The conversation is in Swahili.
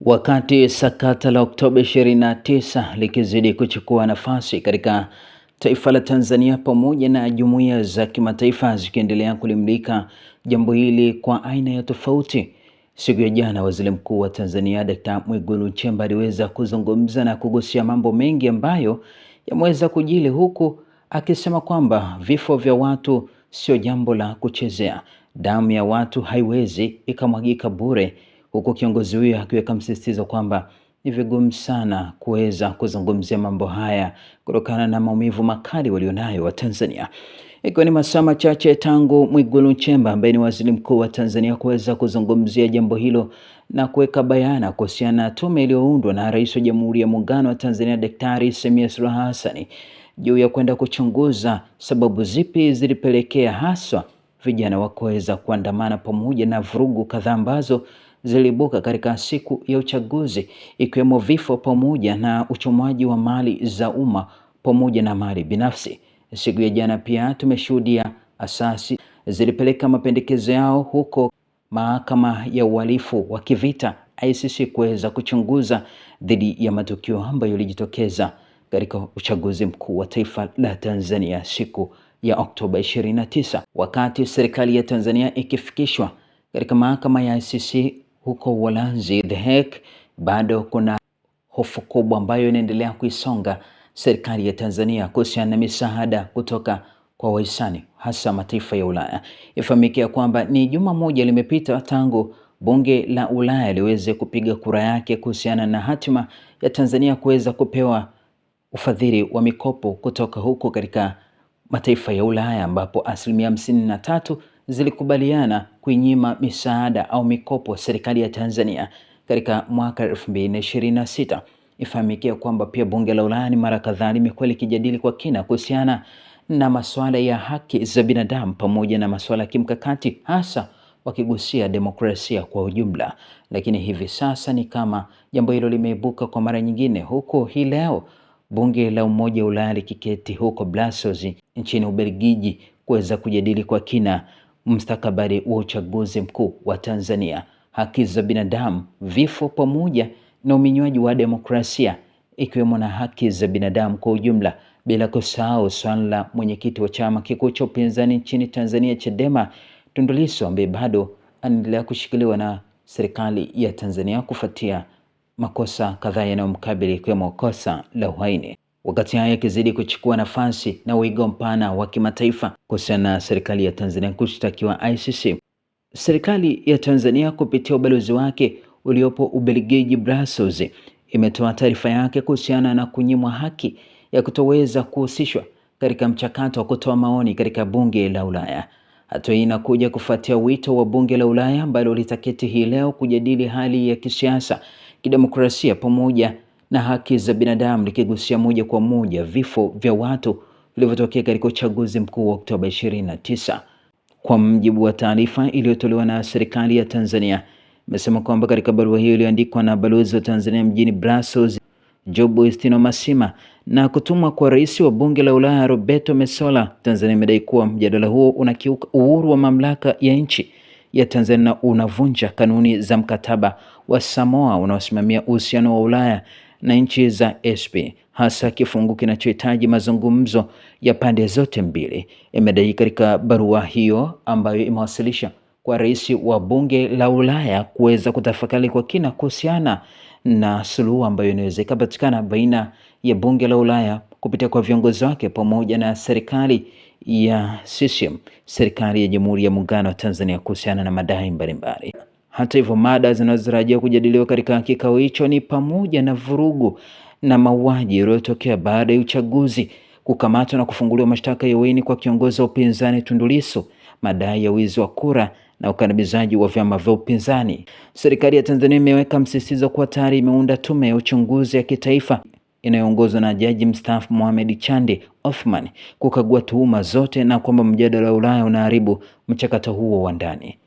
Wakati sakata la Oktoba 29 likizidi kuchukua nafasi katika taifa la Tanzania pamoja na jumuiya za kimataifa zikiendelea kulimlika jambo hili kwa aina ya tofauti, siku ya jana Waziri Mkuu wa Tanzania Dkt. Mwigulu Nchemba aliweza kuzungumza na kugusia mambo mengi ambayo yameweza kujili, huku akisema kwamba vifo vya watu sio jambo la kuchezea, damu ya watu haiwezi ikamwagika bure huku kiongozi huyo akiweka msisitizo kwamba ni vigumu sana kuweza kuzungumzia mambo haya kutokana na maumivu makali walionayo wa tanzania ikiwa ni masaa machache tangu Mwigulu Nchemba ambaye ni waziri mkuu wa Tanzania kuweza kuzungumzia jambo hilo na kuweka bayana kuhusiana na tume iliyoundwa na Rais wa Jamhuri ya Muungano wa Tanzania Daktari Samia Suluhu Hassan juu ya kwenda kuchunguza sababu zipi zilipelekea haswa vijana wa kuweza kuandamana pamoja na vurugu kadhaa ambazo ziliibuka katika siku ya uchaguzi ikiwemo vifo pamoja na uchomwaji wa mali za umma pamoja na mali binafsi. Siku ya jana pia tumeshuhudia asasi zilipeleka mapendekezo yao huko mahakama ya uhalifu wa kivita ICC kuweza kuchunguza dhidi ya matukio ambayo yalijitokeza katika uchaguzi mkuu wa taifa la Tanzania siku ya Oktoba 29, wakati serikali ya Tanzania ikifikishwa katika mahakama ya ICC huko Uholanzi, The Hague, bado kuna hofu kubwa ambayo inaendelea kuisonga serikali ya Tanzania kuhusiana na misaada kutoka kwa wahisani hasa mataifa ya Ulaya. Ifahamike ya kwamba ni juma moja limepita tangu bunge la Ulaya liweze kupiga kura yake kuhusiana na hatima ya Tanzania kuweza kupewa ufadhili wa mikopo kutoka huko katika mataifa ya Ulaya ambapo asilimia hamsini na tatu zilikubaliana kuinyima misaada au mikopo serikali ya Tanzania katika mwaka 2026. ifahamikia kwamba pia bunge la Ulaya ni mara kadhaa limekuwa likijadili kwa kina kuhusiana na masuala ya haki za binadamu pamoja na masuala ya kimkakati, hasa wakigusia demokrasia kwa ujumla, lakini hivi sasa ni kama jambo hilo limeibuka kwa mara nyingine, huku hii leo bunge la Umoja wa Ulaya likiketi huko Brussels nchini Ubelgiji kuweza kujadili kwa kina mstakabari wa uchaguzi mkuu wa Tanzania, haki za binadamu, vifo pamoja na uminywaji wa demokrasia ikiwemo na haki za binadamu kwa ujumla, bila kusahau swala la mwenyekiti wa chama kikuu cha upinzani nchini Tanzania Chadema Tundu Lissu ambaye bado anaendelea kushikiliwa na serikali ya Tanzania kufuatia makosa kadhaa yanayomkabili ikiwemo kosa la uhaini. Wakati haya yakizidi kuchukua nafasi na wigo mpana wa kimataifa kuhusiana na serikali ya Tanzania kushtakiwa ICC, serikali ya Tanzania kupitia ubalozi wake uliopo Ubelgiji, Brussels, imetoa taarifa yake kuhusiana na kunyimwa haki ya kutoweza kuhusishwa katika mchakato wa kutoa maoni katika bunge la Ulaya. Hatua hii inakuja kufuatia wito wa bunge la Ulaya ambalo litaketi hii leo kujadili hali ya kisiasa, kidemokrasia pamoja na haki za binadamu likigusia moja kwa moja vifo vya watu vilivyotokea katika uchaguzi mkuu wa Oktoba 29. Kwa mjibu wa taarifa iliyotolewa na serikali ya Tanzania, imesema kwamba katika barua hiyo iliyoandikwa na balozi wa Tanzania mjini Brussels, Job Estino Masima na kutumwa kwa rais wa bunge la Ulaya Roberto Metsola, Tanzania imedai kuwa mjadala huo unakiuka uhuru wa mamlaka ya nchi ya Tanzania na unavunja kanuni za mkataba wa Samoa unaosimamia uhusiano wa Ulaya na nchi za SP hasa kifungu kinachohitaji mazungumzo ya pande zote mbili, imedai katika barua hiyo ambayo imewasilisha kwa rais wa bunge la Ulaya kuweza kutafakari kwa kina kuhusiana na suluhu ambayo inaweza ikapatikana baina ya bunge la Ulaya kupitia kwa viongozi wake pamoja na serikali ya CCM, serikali ya Jamhuri ya Muungano wa Tanzania kuhusiana na madai mbalimbali. Hata hivyo, mada zinazotarajiwa kujadiliwa katika kikao hicho ni pamoja na vurugu na mauaji yaliyotokea baada ya uchaguzi, kukamatwa na kufunguliwa mashtaka ya uhaini kwa kiongozi wa upinzani Tundu Lissu, madai ya wizi wa kura na ukandamizaji wa vyama vya upinzani. Serikali ya Tanzania imeweka msisitizo kuwa tayari imeunda tume ya uchunguzi ya kitaifa inayoongozwa na jaji mstaafu Mohamed Chande Othman kukagua tuhuma zote na kwamba mjadala wa Ulaya unaharibu mchakato huo wa ndani.